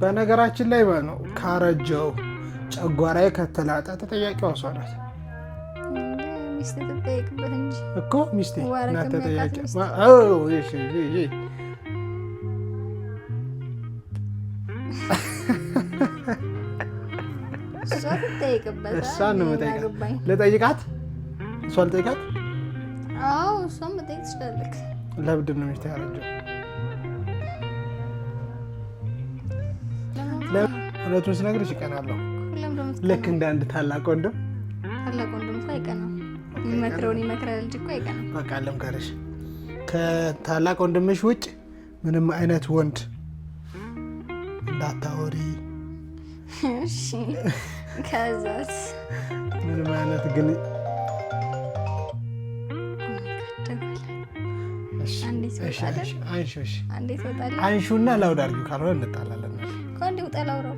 በነገራችን ላይ ነው ካረጀው ጨጓራዬ ከተላጠ ተጠያቂዋ እሷ ናት እኮ ሚስቴ ናት ተጠያቂ። እሷን ነው የምጠይቃት። ልጠይቃት እሷ ልጠይቃት። ለምንድን ነው ሚስቴ ያረጀው? እውነቱን ስነግርሽ ይቀናለሁ። ልክ እንደ አንድ ታላቅ ወንድም ታላቅ ወንድም እኮ አይቀናም። የሚመክረውን ይመክራል እንጂ እኮ አይቀናም። በቃ ጋርሽ ከታላቅ ወንድምሽ ውጭ ምንም አይነት ወንድ እንዳታወሪ። እሺ፣ ከዛስ ምንም አይነት ግን አንሹና ላውድ አድርጊው፣ ካልሆነ እንጣላለን። እንዲሁ ጠላውረው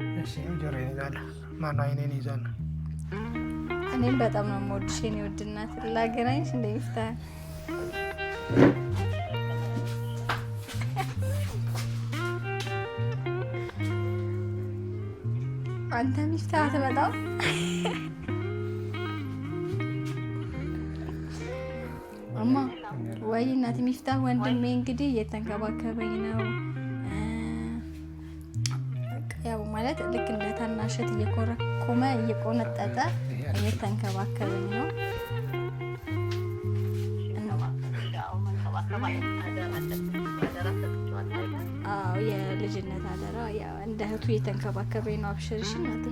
ጆሮዬን ይዛለሁ። ማነው አይኔን ይዛለሁ። እኔም በጣም ነው የምወድሽ የእኔ ውድ እናት። ላገናኝሽ እንደ ይፍታል አንተ ሚፍታ አትመጣም። እማ ወይ እናት ሚፍታ ወንድሜ እንግዲህ እየተንከባከበኝ ነው ማለት ልክ እንደ ታናሸት እየኮረኮመ እየቆነጠጠ እየተንከባከበኝ ነው። አዎ የልጅነት አደራ እንደ እህቱ እየተንከባከበኝ ነው። አብሽርሽ እናቴ።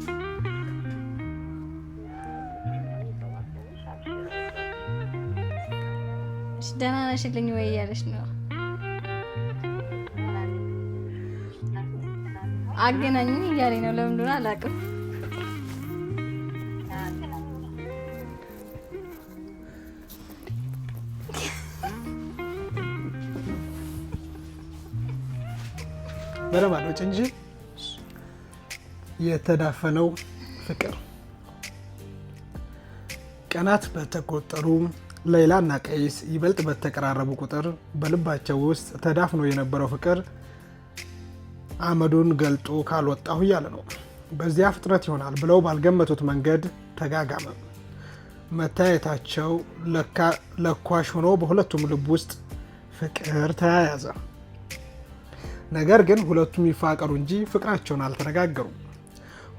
ደህና ነሽልኝ ወይ እያለች ነው አገናኙን እያለኝ ነው። ለምን እንደሆነ አላውቅም። እንጂ የተዳፈነው ፍቅር ቀናት በተቆጠሩ ሌላና ቀይስ ይበልጥ በተቀራረቡ ቁጥር በልባቸው ውስጥ ተዳፍኖ የነበረው ፍቅር አመዱን ገልጦ ካልወጣሁ እያለ ነው። በዚያ ፍጥነት ይሆናል ብለው ባልገመቱት መንገድ ተጋጋመ። መታየታቸው ለኳሽ ሆኖ በሁለቱም ልብ ውስጥ ፍቅር ተያያዘ። ነገር ግን ሁለቱም ይፋቀሩ እንጂ ፍቅራቸውን አልተነጋገሩም።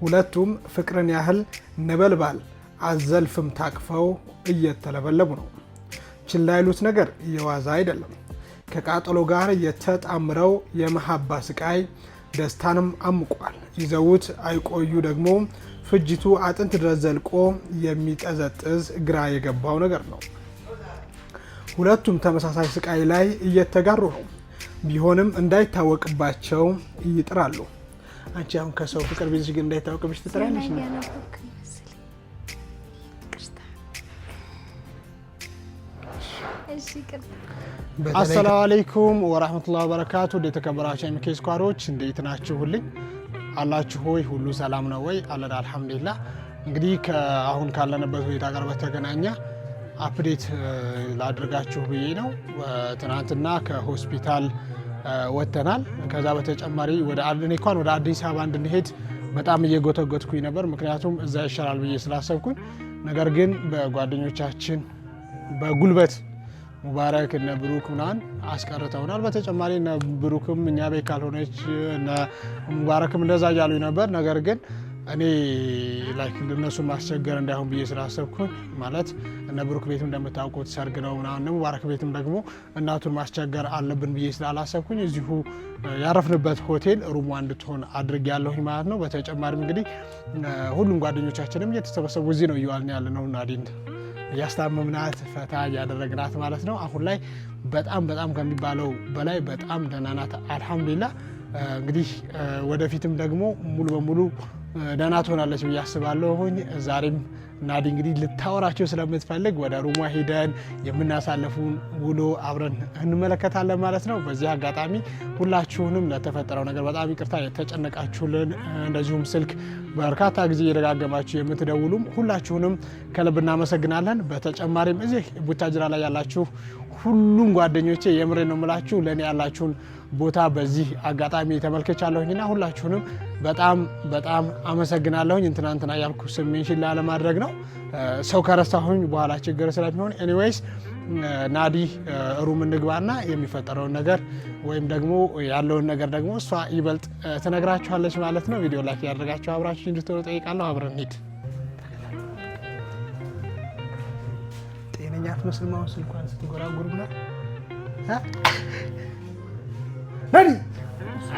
ሁለቱም ፍቅርን ያህል ነበልባል አዘልፍም ታቅፈው እየተለበለቡ ነው። ችላ ያሉት ነገር እየዋዛ አይደለም። ከቃጠሎ ጋር የተጣምረው የመሀባ ስቃይ ደስታንም አምቋል። ይዘውት አይቆዩ ደግሞ ፍጅቱ አጥንት ድረስ ዘልቆ የሚጠዘጥዝ ግራ የገባው ነገር ነው። ሁለቱም ተመሳሳይ ስቃይ ላይ እየተጋሩ ነው። ቢሆንም እንዳይታወቅባቸው ይጥራሉ። አንቺ አሁን ከሰው ፍቅር ቢዝሽ ግን እንዳይታወቅብሽ ትጥራለሽ። አሰላሙ አለይኩም ወራህመቱላሂ ወበረካቱ። እንደ ተከበራችሁ ኤም ስኳሮች እንዴት ናችሁልኝ? አላችሁ ሆይ ሁሉ ሰላም ነው ወይ? አለን አልሐምዱሊላ። እንግዲህ አሁን ካለንበት ሁኔታ ጋር በተገናኘ አፕዴት ላድርጋችሁ ብዬ ነው። ትናንትና ከሆስፒታል ወጥተናል። ከዛ በተጨማሪ ወደ እንኳን ወደ አዲስ አበባ እንድንሄድ በጣም እየጎተጎትኩኝ ነበር፣ ምክንያቱም እዛ ይሻላል ብዬ ስላሰብኩኝ። ነገር ግን በጓደኞቻችን በጉልበት ሙባረክ እነ ብሩክ ምናምን አስቀርተውናል። በተጨማሪ እነ ብሩክም እኛ ቤት ካልሆነች እነ ሙባረክም እንደዛ እያሉ ነበር። ነገር ግን እኔ ላይክ እነሱ ማስቸገር እንዳይሆን ብዬ ስላሰብኩኝ ማለት እነ ብሩክ ቤትም እንደምታውቁት ሰርግ ነው ምናምን ሙባረክ ቤትም ደግሞ እናቱን ማስቸገር አለብን ብዬ ስላላሰብኩኝ እዚሁ ያረፍንበት ሆቴል ሩሟ እንድትሆን አድርግ ያለሁኝ ማለት ነው። በተጨማሪም እንግዲህ ሁሉም ጓደኞቻችንም እየተሰበሰቡ እዚህ ነው እየዋልን ያለ ነው እያስታመምናት ፈታ እያደረግናት ማለት ነው። አሁን ላይ በጣም በጣም ከሚባለው በላይ በጣም ደህና ናት። አልሐምዱሊላ እንግዲህ ወደፊትም ደግሞ ሙሉ በሙሉ ደህና ትሆናለች ብዬ አስባለሁ። ዛሬም ናዲ እንግዲህ ልታወራቸው ስለምትፈልግ ወደ ሩሟ ሄደን የምናሳልፉን ውሎ አብረን እንመለከታለን ማለት ነው። በዚህ አጋጣሚ ሁላችሁንም ለተፈጠረው ነገር በጣም ይቅርታ የተጨነቃችሁልን፣ እንደዚሁም ስልክ በርካታ ጊዜ እየደጋገማችሁ የምትደውሉም ሁላችሁንም ከልብ እናመሰግናለን። በተጨማሪም እዚህ ቡታጅራ ላይ ያላችሁ ሁሉም ጓደኞቼ የምሬ ነው የምላችሁ ለእኔ ያላችሁን ቦታ በዚህ አጋጣሚ ተመልክቻለሁኝና ሁላችሁንም በጣም በጣም አመሰግናለሁኝ። እንትናንትና ያልኩ ስሜንሽን ላለማድረግ ነው ሰው ከረሳሁኝ በኋላ ችግር ስለሚሆን ኤኒዌይስ ናዲ ሩም እንግባና የሚፈጠረውን ነገር ወይም ደግሞ ያለውን ነገር ደግሞ እሷ ይበልጥ ትነግራችኋለች ማለት ነው። ቪዲዮ ላይክ ያደርጋችሁ አብራችሁ እንድትሆኑ ጠይቃለሁ። አብረን ሂድ። ጤነኛ ስልኳን ስትጎራጉር በል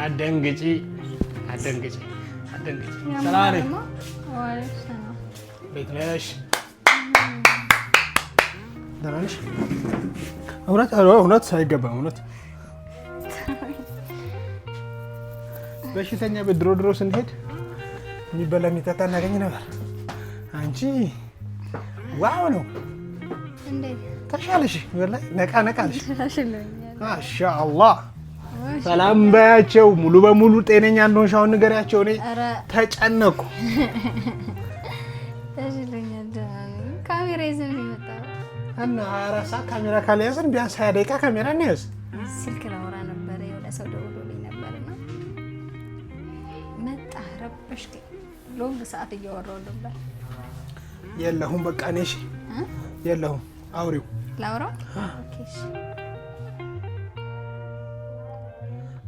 አደንግጪ፣ አደንግጪ፣ አደንግጪ። ሰላም ነኝ። ቤት ነሽ? ደህና ነሽ? እውነት እውነት አይገባም። እውነት በሽተኛ ቤት ድሮ ድሮ ስንሄድ የሚበላ የሚጠጣ እናገኝ ነበር። አንቺ ዋው ነው ተሻለሽ፣ ነቃ ነቃ አለሽ። ማሻ አላህ ሰላም በያቸው። ሙሉ በሙሉ ጤነኛ እንደሆንሽ አሁን ንገሪያቸው። እኔ ተጨነኩ። ካሜራ ይዘን ነው እና ሀያ አራት ሰዓት ካሜራ ካልያዝን ቢያንስ ሀያ ደቂቃ ካሜራ እንያዝ። ስልክ ላወራ ነበረ የሆነ ሰው ደውሎልኝ ነበርና መጣ። ረበሽ ሎንግ ሰዓት እያወራሁ ነበር። የለሁም በቃ እኔ እሺ፣ የለሁም አውሪው ላውራው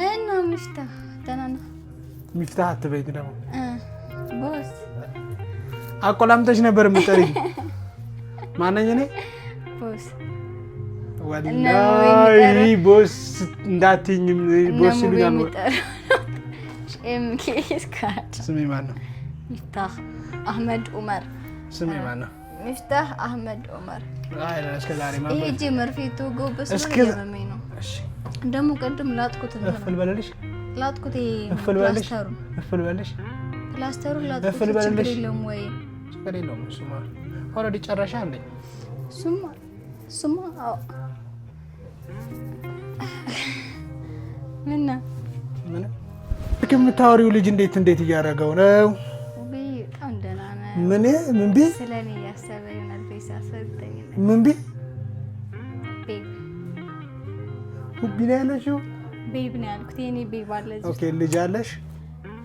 እና ሚፍታህ ደህና ነው። ሚፍታህ አትበይት። ደግሞ ቦስ አቆላምጠሽ ነበር የምጠሪኝ። ማነኝ እኔ? ቦስ ወላሂ ቦስ እንዳትይኝም ቦስ ይሉኛል። ስሜ ማነው? ሚፍታህ አህመድ ኡመር። ስሜ ማነው? ሚፍታህ አህመድ ኦመር ይሄ መርፌቱ ጎበስ እየመመኝ ነው። ደግሞ ቅድም ላጥኩት እፍል በለልሽ ላጥኩት ፕላስተሩን ላጥኩት። ችግር የለውም ወይ ችግር የለውም። ኦልሬዲ ጨረሻ አለኝ። እሱማ እሱማ ምነው ምን ከምታወሪው ልጅ እንዴት እንዴት እያደረገው ነው? ምን ምን ቢል ምን ቢል ቤቢ ነው ያለሽው? ቤቢ ነው ያልኩት። የኔ ቤቢ አለ። ኦኬ ልጅ አለሽ?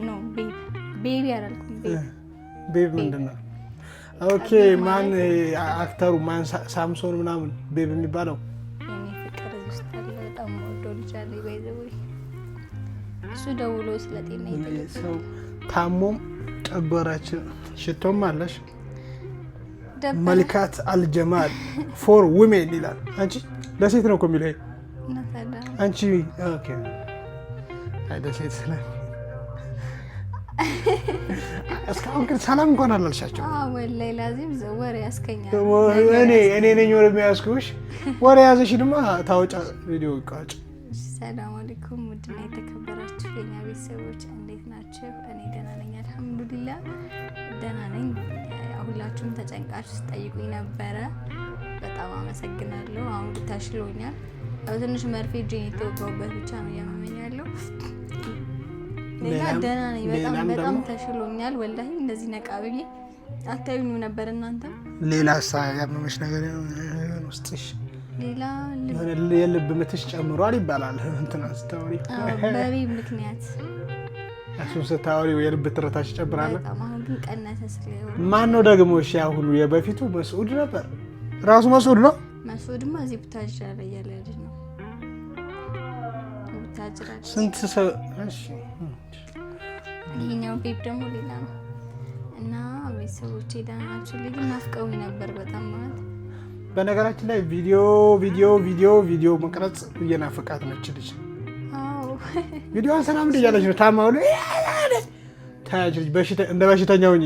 ኖ ቤቢ ቤቢ አላልኩም። ቤቢ ቤቢ ምንድን ነው? ኦኬ ማን አክተሩ? ማን ሳምሶን ምናምን ቤቢ የሚባለው? እሱ ደውሎ ስለጤና ታሞም ጨጓራችን ሽቶም አለሽ። መልካት አልጀማል ፎር ውሜን ይላል። አንቺ ለሴት ነው እኮ የሚለው አንቺ ለሴት ስለ እስካሁን ግን ሰላም እንኳን አላልሻቸው። እኔ ነኝ ወደ የሚያስኩሽ ወሬ ያዘሽ ድማ ታወጫ ቪዲዮ ቃጭ ሰላም አለይኩም ውድና የተከበራችሁ የኛ ቤተሰቦች እንዴት ናቸው? እኔ ደህና ነኝ። አልሐምዱሊላ ደህና ነኝ። ሁላችሁም ተጨንቃችሁ ስጠይቁኝ ነበረ። በጣም አመሰግናለሁ። አሁን ብታሽሎኛል። ያው ትንሽ መርፌ እጄን የተወጋሁበት ብቻ ነው እያመመኝ ያለው። ሌላ ደህና ነኝ። በጣም በጣም ተሽሎኛል። ወላሂ እንደዚህ ነቃ ብዬ አታዩኝም ነበር እናንተ። ሌላ ሳ ያመመሽ ነገር ውስጥሽ ሌላ የልብ ምትሽ ጨምሯል ይባላል እንትና ስታወሪ በቤ ምክንያት እሱን ስታወሪ የልብ ትርታሽ ይጨምራል። ማን ነው ደግሞ እሺ? አሁኑ የበፊቱ መስዑድ ነበር። ራሱ መስዑድ ነው። መስዑድማ እዚህ ብታጅራ ላይ ያለ ልጅ ነው። ስንት ሰው እሺ። ይሄኛው ቤብ ደግሞ ሌላ ነው እና ቤተሰቦቼ ደህና ናቸው። ልጅ ናፍቀውኝ ነበር በጣም ማለት በነገራችን ላይ ቪዲዮ ቪዲዮ ቪዲዮ ቪዲዮ መቅረጽ እየናፈቃት ነች ልጅ ቪዲዮዋን ሰላም እንደ እያለች ነው ታማ ብሎ ታያች ልጅ እንደ በሽተኛ ሁኚ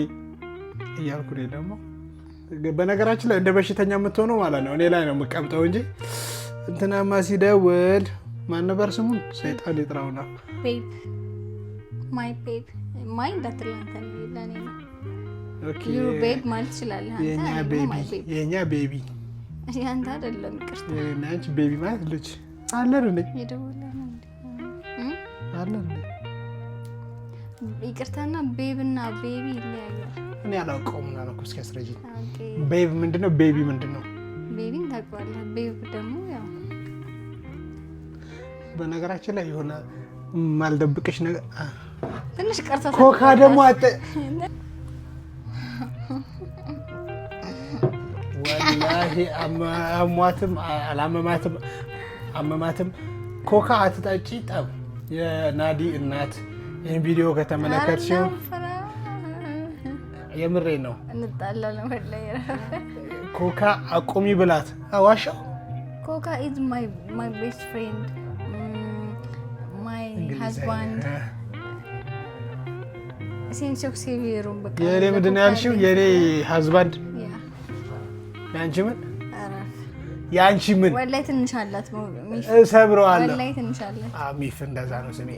እያልኩ እኔ ደግሞ በነገራችን ላይ እንደ በሽተኛ የምትሆነው ማለት ነው እኔ ላይ ነው የምቀምጠው እንጂ እንትናማ ሲደውል ማን ነበር ስሙን ሰይጣን ይጥራውና የኛ ቤብ ማይ እንዳትላንተ ለኔ ቤብ ቤቢ ያንተ አይደለም። ቅርታ ቤቢ ማለት ልጅ አለን አለ ይቅርታና ቤብና ቤቢ ይለያያል። እኔ አላውቀውም እስኪ ቤብ ምንድን ነው? ቤቢ ምንድን ነው? ቤቢን ታውቀዋለህ። ቤብ ደግሞ ያው በነገራችን ላይ የሆነ ማልደብቅሽ ነገር ትንሽ ኮካ ደግሞ አጠ ወላሂ አሟትም አላመማትም አመማትም ኮካ አትጠጪ ጠብ የናዲ እናት ይህን ቪዲዮ ከተመለከት ሲሆን የምሬ ነው ኮካ አቁሚ ብላት አዋሻው ኮካ ኢዝ ማይ ቤስት ፍሬንድ የእኔ ምንድን ነው ያልሽው? የእኔ ሀዝባንድ ያንቺ ምን ያንቺ ምን ወላይ ትንሽ አላት እሰብረዋለሁ። ወላይ ትንሽ አላት ሚፍ እንደዛ ነው ስሜ።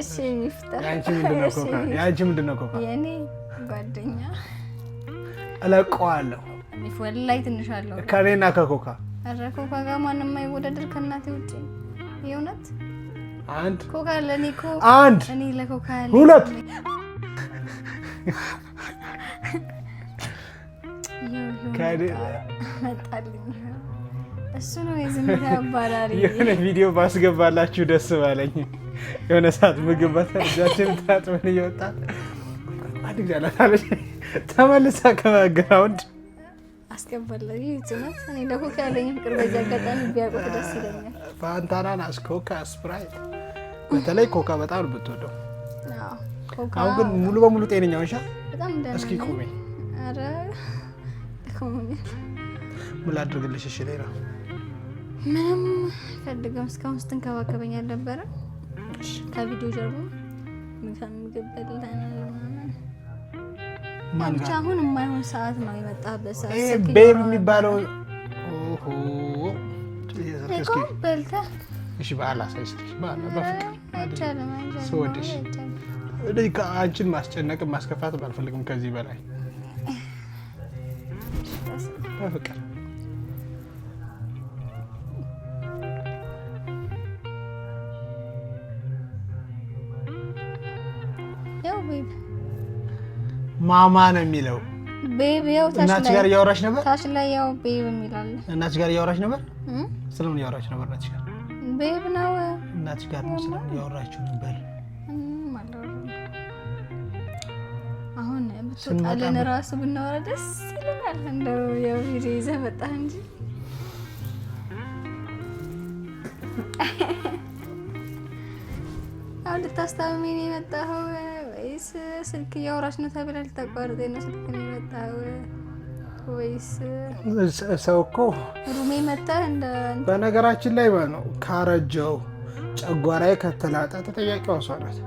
እሺ ሚፍታ ያንቺ ምንድን ነው? ኮካ የእኔ ጓደኛ እለቀዋለሁ። ሚፍ ወላይ ትንሽ አለው ከእኔና ከኮካ ኧረ ኮካ ጋር ማንም አይወዳደር ከእናቴ ውጭ የእውነት አንድ ኮካ ለእኔ ኮ አንድ እኔ ለኮካ ሁለት እሱ ነው የዝምታ አባራሪ። የሆነ ቪዲዮ ባስገባላችሁ ደስ ባለኝ። የሆነ ሰዓት ምግብ በተጃችን ታጥበን እየወጣ አድግዳላታለች ተመልሳ ከማግራውንድ ፋንታናን ኮካ፣ ስፕራይት በተለይ ኮካ በጣም ነው አሁን ግን ሙሉ በሙሉ ጤነኛ ። እንሻ እስኪ ቁሜ ደክሞኛል። ምን ላድርግልሽ? እሺ ሌላ ምንም ፈልገም እስካሁን ስትንከባከበኝ አልነበረ። ከቪዲዮ ጀርባ ምግብ በላን። ብቻ አሁን የማይሆን ሰዓት ነው የመጣበት ሰዓት ቤብ የሚባለው በልተህ እሺ በዓል አሳይስትሽ በዓል በፍቅር ስወድሽ እንደዚህ ከአንቺን ማስጨነቅም ማስከፋትም አልፈልግም ከዚህ በላይ በፍቅር ማማ ነው የሚለው። እናትሽ ጋር እያወራሽ ነበር? ታች ላይ ያው ቤብ የሚላለ። እናትሽ ጋር እያወራሽ ነበር? ስለምን እያወራችሁ ነበር? እናትሽ ጋር ቤብ ነው። እናትሽ ጋር ነው ስለምን እያወራችሁ ነበር? አሁን ብትወጣልን እራሱ ብናወራ ደስ ይለናል። ይበቃል። እንደው ያው ጊዜ ይዘህ መጣህ እንጂ አሁን ልታስታምሜ ነው የመጣኸው ወይስ ስልክ እያወራች ነው ተብላ ልታቋርጤ ነው ስልክ ነው የመጣኸው ወይስ ሰው እኮ ሩሜ መጣህ? እንደ በነገራችን ላይ ነው ካረጀው ጨጓራዬ ከተላጠ ናት።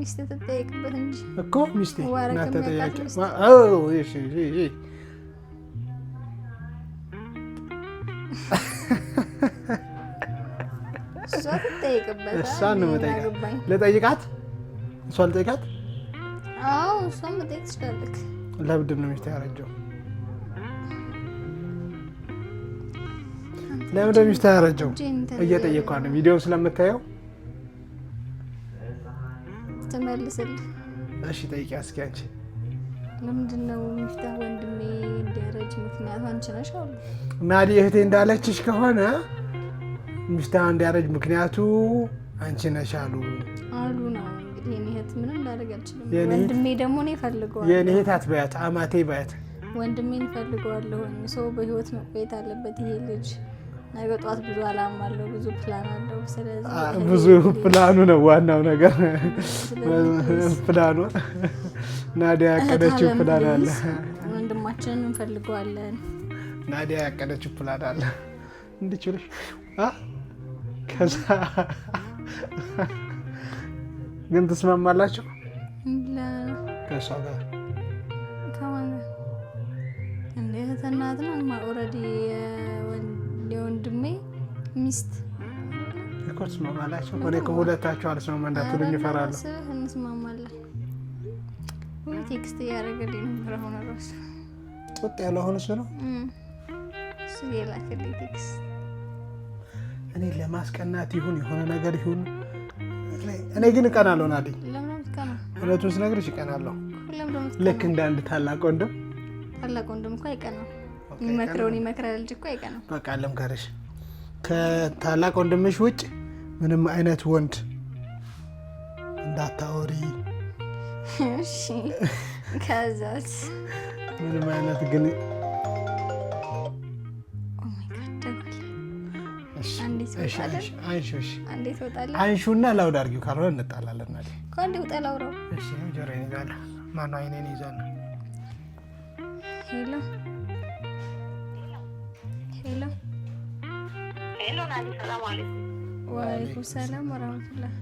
ሚስት ትጠየቅበት እንጂ እኮ ሚስቴ ናት ተጠያቂ። እሷን ነው የምጠይቃት። ልጠይቃት፣ እሷ ልጠይቃት። አዎ መጠየቅ ትችላለህ። ለምንድን ነው ሚስቴ ያረጀው? ለምንድን ነው ሚስቴ ያረጀው? እየጠየኳት ነው ስለምታየው ትመልስልህ። እሺ ጠይቂ እስኪ አንቺ ለምንድን ነው ሚፍታህ ወንድሜ ደረጅ ምክንያቱ አንቺ ነሽ አሉ ናዲ እህቴ እንዳለችሽ ከሆነ ሚፍታህ እንዲያረጅ ምክንያቱ አንቺ ነሽ አሉ አሉ ነው የኔ እህት ምንም ላደርግ አልችልም። ወንድሜ ደግሞ እኔ እፈልገዋለሁ። የኔ እህት አትበያት፣ አማቴ በያት። ወንድሜን እፈልገዋለሁ። ሰው በህይወት መቆየት አለበት ይሄ ልጅ ነገ ጠዋት ብዙ አላማ አለው፣ ብዙ ፕላን አለው። ስለዚህ ብዙ ፕላኑ ነው ዋናው ነገር ፕላኑ። ናዲያ ያቀደችው ፕላን አለ፣ ወንድማችንን እንፈልገዋለን። ናዲያ ያቀደችው ፕላን አለ እንድችልሽ ከዛ ግን ትስማማላችሁ ከእሷ ጋር እንዴት እናት ነው ኦልሬዲ የወንድሜ ሚስት እኮ ትስማማላችሁ? እኔ ከሁለታቸው አልስማማ እንዳትሉኝ እፈራለሁ። እንስማማለን። ቴክስት እያደረገልኝ ነበር። አሁን ራሱ ጡጥ ያለው አሁን እሱ ነው እሱ የላከልኝ ቴክስት። እኔ ለማስቀናት ይሁን የሆነ ነገር ይሁን እኔ ግን እቀናለሁ። ናዲ እውነቱን ስነግርሽ እቀናለሁ። ልክ እንደ አንድ ታላቅ ወንድም ታላቅ ወንድም እኮ አይቀናም የሚመክረውን ይመክራል። ልጅ እኮ ነው። በቃ ልምከርሽ፣ ከታላቅ ወንድምሽ ውጭ ምንም አይነት ወንድ እንዳታወሪ። እሺ፣ ከዛስ? ምንም አይነት ግን አንሹና ላውድ አድርጊው፣ ካልሆነ እንጣላለን። ከአንዴ ውጣ ላውራው ጆሮ ይዛለ ማነው አይኔን ይዛለ ሄሎ ሄሎ፣ ሰላም አለይኩም። ወአለይኩም ሰላም ወራህመቱላህ።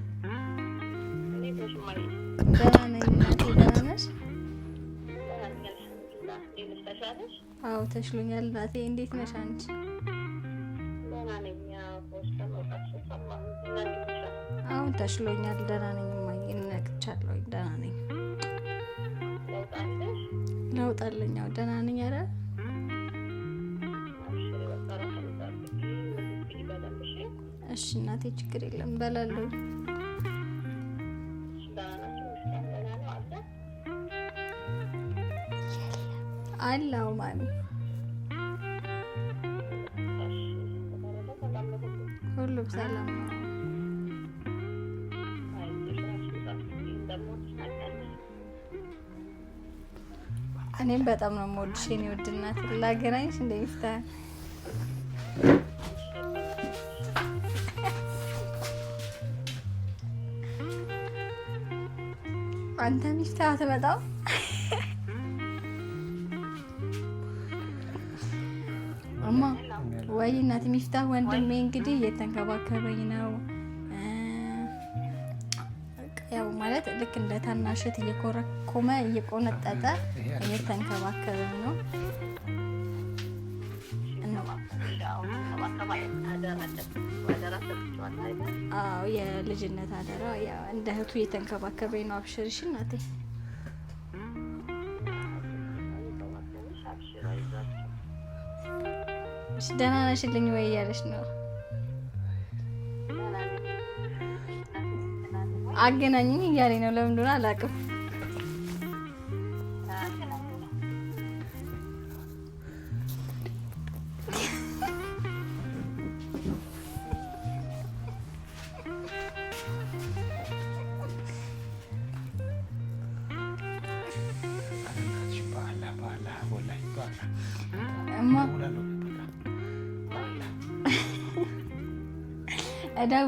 አዎ ተሽሎኛል እናቴ። እንዴት ነሽ አንቺ? አሁን ተሽሎኛል፣ ደህና ነኝ እማዬ። ደህና ነኝ። ለውጥ ደህና ነኝ። ኧረ እሺ እናቴ ችግር የለም በላለሁ። አላው ማሚ ሁሉም ሰላም ነው። እኔም በጣም ነው የምወድሽ የኔ ውድ እናት። ላገናኝሽ እንደሚፍታ አንተ ሚፍታ አትመጣም። እማ ወይ እናት ሚፍታ ወንድሜ እንግዲህ እየተንከባከበኝ ነው። ያው ማለት ልክ እንደ ታናሽት እየኮረኮመ እየቆነጠጠ እየተንከባከበኝ ነው። የልጅነት አደራ እንደ እህቱ እየተንከባከበኝ ነው። አብሽርሽ እናቴ። ደህና ነሽልኝ ወይ እያለች ነው። አገናኝኝ እያለኝ ነው። ለምን አላቅም? አላውቅም።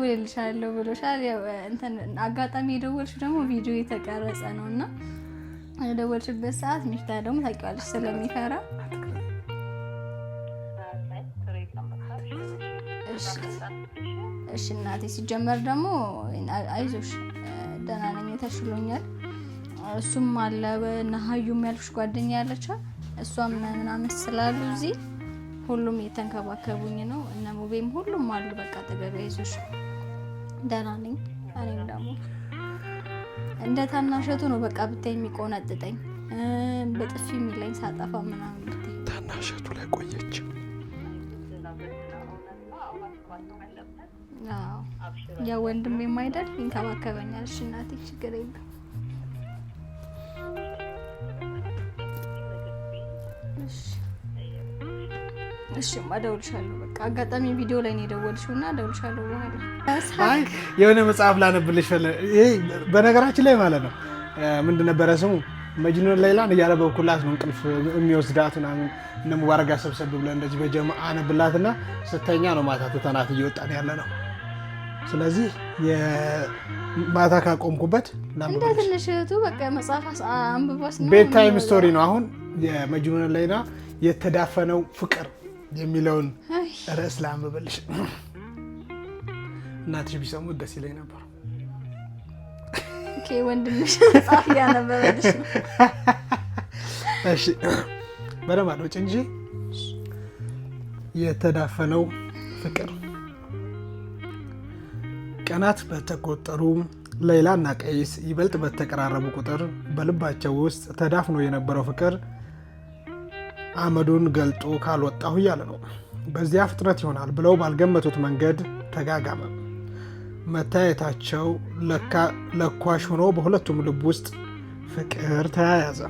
እደውልልሻለሁ ብሎሻል። አጋጣሚ የደወልሽ ደግሞ ቪዲዮ የተቀረጸ ነው እና የደወልሽበት ሰዓት ሚፍታ ደግሞ ታውቂዋለሽ ስለሚፈራ እሺ እናቴ። ሲጀመር ደግሞ አይዞሽ ደህና ነኝ ተሽሎኛል። እሱም አለ ነሀዩ የሚያልፍሽ ጓደኛ ያለችው እሷም ምናምን ስላሉ እዚህ ሁሉም እየተንከባከቡኝ ነው። እነ ሙቤም ሁሉም አሉ። በቃ አጠገቢያ ይዞሽ ደህና ነኝ። እኔም ደግሞ እንደ ታናሸቱ ነው። በቃ ብታይ የሚቆነጥጠኝ በጥፊ የሚለኝ ሳጠፋ ምናምን ብታይ ታናሸቱ ላይ ቆየች። ያው ወንድሜም አይደል ይንከባከበኛል። እሺ እናቴ ችግር የለም እሺማ እደውልሻለሁ። በቃ አጋጣሚ ቪዲዮ ላይ ነው የደወልሽው እና በኋላ። አይ የሆነ መጽሐፍ ላነብልሽ። ይሄ በነገራችን ላይ ማለት ነው ምንድን ነበረ ስሙ መጅኑን ሌላን እያነበብኩላት ነው እንቅልፍ የሚወስዳት ምናምን እነ ሰብሰብ ብለን እንደዚህ በጀማ ስተኛ ነው ማታ ትተናት እየወጣን ያለ ነው። ስለዚህ ማታ ካቆምኩበት እንደ ትንሽ እህቱ በቃ መጽሐፍ አንብቦስ ቤት ታይም ስቶሪ ነው አሁን የመጅኑን ሌላ የተዳፈነው ፍቅር የሚለውን ርዕስ ላንብብልሽ። እናትሽ ቢሰሙት ደስ ይለኝ ነበር። ወንድምሽ መጽሐፍ እያነበበልሽ ነው። እንጂ የተዳፈነው ፍቅር ቀናት በተቆጠሩ እና ቀይስ ይበልጥ በተቀራረቡ ቁጥር በልባቸው ውስጥ ተዳፍኖ የነበረው ፍቅር አመዱን ገልጦ ካልወጣሁ እያለ ነው። በዚያ ፍጥነት ይሆናል ብለው ባልገመቱት መንገድ ተጋጋመ። መታየታቸው ለኳሽ ሆኖ በሁለቱም ልብ ውስጥ ፍቅር ተያያዘ።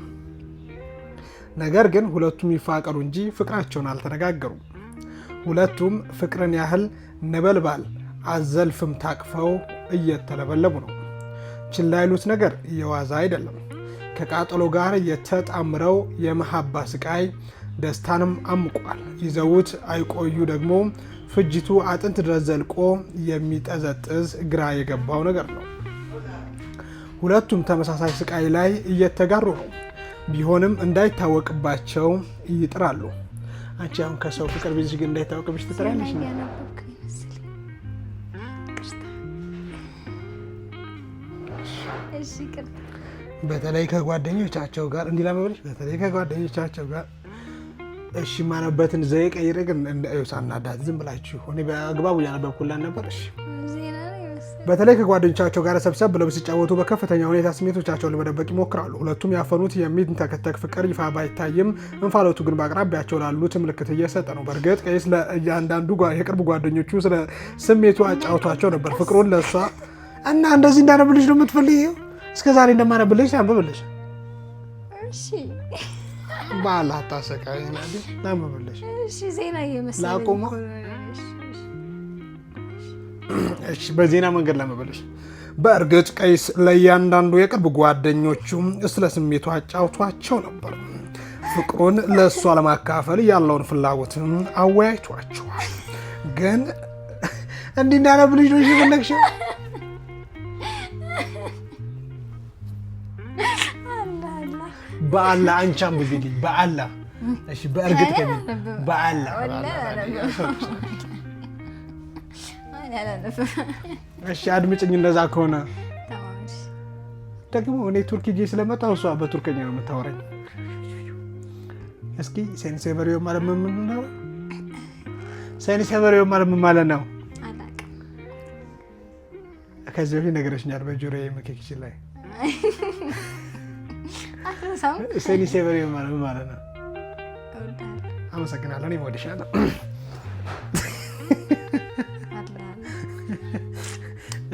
ነገር ግን ሁለቱም ይፋቀሩ እንጂ ፍቅራቸውን አልተነጋገሩም። ሁለቱም ፍቅርን ያህል ነበልባል አዘልፍም ታቅፈው እየተለበለቡ ነው። ችላ ነገር እየዋዛ አይደለም። ከቃጠሎ ጋር የተጣምረው የመሃባ ስቃይ ደስታንም አምቋል። ይዘውት አይቆዩ ደግሞ ፍጅቱ አጥንት ድረስ ዘልቆ የሚጠዘጥዝ ግራ የገባው ነገር ነው። ሁለቱም ተመሳሳይ ስቃይ ላይ እየተጋሩ ነው። ቢሆንም እንዳይታወቅባቸው ይጥራሉ። አንቺ አሁን ከሰው ፍቅር ቢዝሽ ግን እንዳይታወቅብሽ ትጥራለች ነው። እሺ በተለይ ከጓደኞቻቸው ጋር እንዲህ ለመብለሽ በተለይ ከጓደኞቻቸው ጋር እሺ የማነበትን ዘዬ ቀይሬ ግን ሳናዳት ዝም ብላችሁ እኔ በአግባቡ እያነበብኩላን ነበር። እሺ በተለይ ከጓደኞቻቸው ጋር ሰብሰብ ብለው ሲጫወቱ በከፍተኛ ሁኔታ ስሜቶቻቸውን ለመደበቅ ይሞክራሉ። ሁለቱም ያፈኑት የሚንተከተክ ፍቅር ይፋ ባይታይም እንፋሎቱ ግን በአቅራቢያቸው ላሉት ምልክት እየሰጠ ነው። በእርግጥ ቀይስ ለእያንዳንዱ የቅርብ ጓደኞቹ ስለ ስሜቱ አጫውቷቸው ነበር። ፍቅሩን ለእሷ እና እንደዚህ እንዳነብልሽ ነው የምትፈልጊው እስከ ዛሬ እንደማነብልሽ አንብብልሽ። እሺ ባላ ታሰቃይ ናንብብልሽ። እሺ ዜና እየመሰለኝ እሺ፣ በዜና መንገድ ላንብብልሽ። በእርግጥ ቀይስ ለእያንዳንዱ የቅርብ ጓደኞቹ ስለ ስሜቱ አጫውቷቸው ነበር። ፍቅሩን ለእሷ ለማካፈል ያለውን ፍላጎትም አወያይቷቸዋል። ግን እንዲህ እንዳነብልሽ ነው በአላ አንቺ አንብቢልኝ በአላ እሺ፣ በእርግጥ ከሚ በአላ እሺ፣ አድምጭኝ። እንደዛ ከሆነ ደግሞ እኔ ቱርክ ጄ ስለመጣሁ እሷ በቱርክኛ ነው የምታወራኝ። እስኪ ሴኒሴቨሪዮ ማለት ምን ነው? ሴኒሴቨሪዮ ማለት ምን ማለት ነው? ከዚህ በፊት ነገረሽኛል በጆሮዬ መኬክች ላይ ሰኒ ሴቨር ማለት ነው። አመሰግናለሁ። እኔም እወድሻለሁ።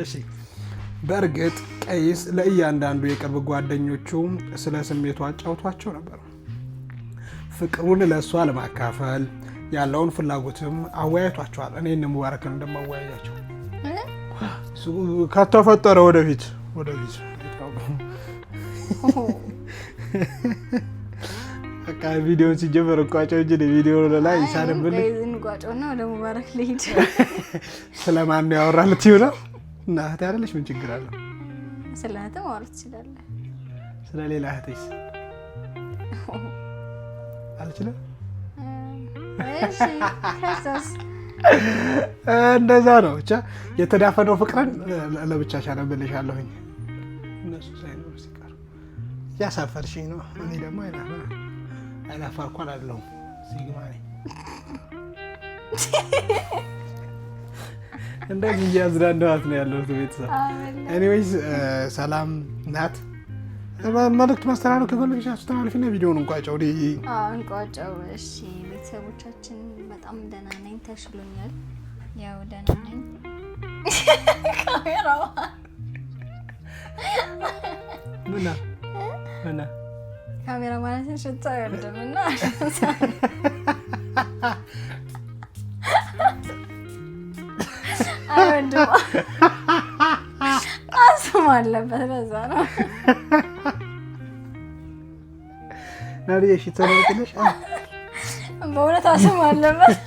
እሺ በእርግጥ ቀይስ ለእያንዳንዱ የቅርብ ጓደኞቹ ስለ ስሜቱ አጫውቷቸው ነበር። ፍቅሩን ለእሷ ለማካፈል ያለውን ፍላጎትም አወያይቷቸዋል። እኔ ሙባረክን እንደማወያያቸው ከተፈጠረ ወደፊት ወደፊት በቃ ቪዲዮን ሲጀመር እንቋጫው እንጂ ቪዲዮ ላይ ይሳንብል እንቋጫውና ወደ ሙባረክ ልሂድ። ስለማን ነው ያወራለት ይሆናል? እና እህቴ ምን ችግር አለው? ስለ እህቴ ማውራት ትችላለህ። ስለ ሌላ እህቴስ አልችልም። እንደዛ ነው ብቻ የተዳፈነው ፍቅርን ለብቻ ሻለብልሻለሁኝ እነሱ ሳይ ያሳፈርሽኝ ነው። እኔ ደግሞ አላፋርኩ አላለሁም። ሲግማ ነኝ። እንደዚህ እያዝናናኋት ነው ያለሁት ቤተሰብ። ኤኒዌይስ ሰላም ናት። መልዕክት ማስተላለፍ ከፈለግሽ አስተላልፊና ቪዲዮውን እንቋጨው። ወዲህ እንቋጨው። እሺ ቤተሰቦቻችን፣ በጣም ደህና ነኝ፣ ተሽሎኛል። ያው ደህና ነኝ። ካሜራዋ ካሜራ ማለትን ሽታ አይወድም እና አይወድም አስም አለበት። ለዛ ነው ናሪ የሽታ ነው ትልሽ በእውነት አስም አለበት።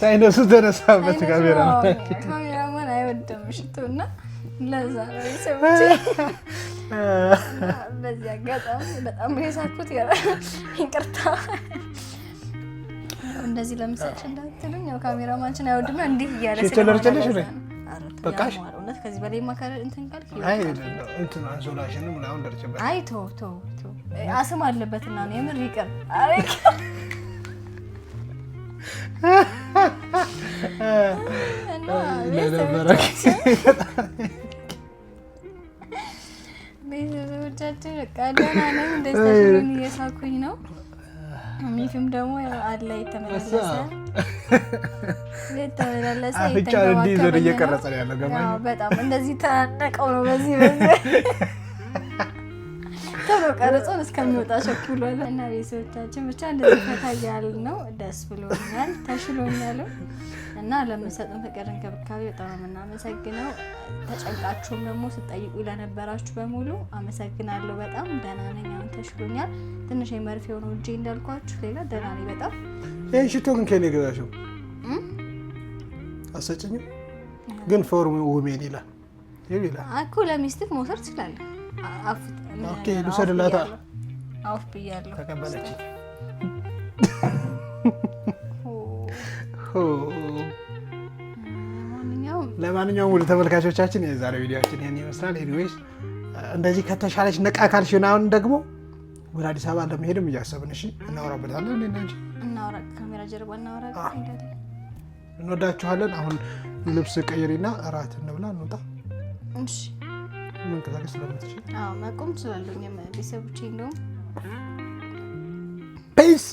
ሳይነሱ ተነሳበት ካሜራ ካሜራማን አይወደም ሽቶ እና ለዛ ነው ሰዎች በዚህ አጋጣሚ በጣም የሳኩት ይቅርታ። እንደዚህ እንዳትሉኝ ያው አይወድም እንዲህ እያለ በቃሽ። እውነት ከዚህ በላይ መከረ እንትን ካልክ እንትን አንሶላሽን ምናምን ደርጭበት። አይ ቶ ቶ ቶ አስም አለበትና ነው የምር ይቅር። ቤተሰቦቻችን በቃ ደህና ነኝ፣ ደስታሽን እየሳኩኝ ነው ሚፊም ደግሞ አለ የተመላለሰ የተመላለሰ አፍንጫውን እንዲህ እየቀረጸ ነው ያለው። ገባ በጣም እንደዚህ ተናነቀው ነው በዚህ በዚህ ቶሎ ቀርጾን እስከሚወጣ ሸኩሏል። እና ቤተሰቦቻችን ብቻ እንደዚህ ፈታ እያልን ነው። ደስ ብሎኛል፣ ተሽሎኛልም እና ለምሰጥን ፍቅር እንክብካቤ በጣም የምናመሰግነው። ተጨንቃችሁም ደግሞ ስጠይቁ ለነበራችሁ በሙሉ አመሰግናለሁ። በጣም ደህና ነኝ፣ አሁን ተሽሎኛል። ትንሽ የመርፌ የሆነው እጄ እንዳልኳችሁ፣ ሌላ ደህና ነኝ በጣም። ይህን ሽቶ ግን ከኔ ገዛሽው አሰጭኝም፣ ግን ፎር ውሜን ይላል እኮ ለሚስትህ መውሰድ ትችላለህ። ልውሰድላታ አፍ ብያለሁ፣ ተቀበለች። ለማንኛውም ወደ ተመልካቾቻችን የዛሬ ቪዲዮችን ይህን ይመስላል። ሄድዌይስ እንደዚህ ከተሻለች ነቃ ካልሽ አሁን ደግሞ ወደ አዲስ አበባ እንደመሄድም እያሰብን እሺ፣ እናወራበታለን። እንዴት ካሜራ ጀርባ እናወራ። እንወዳችኋለን። አሁን ልብስ ቀይሪና እራት እንብላ፣ እንውጣ። እሺ መንቀሳቀስ ስለምትችል መቆም ስላለኝ ቤተሰቦቼ እንደውም ፔስ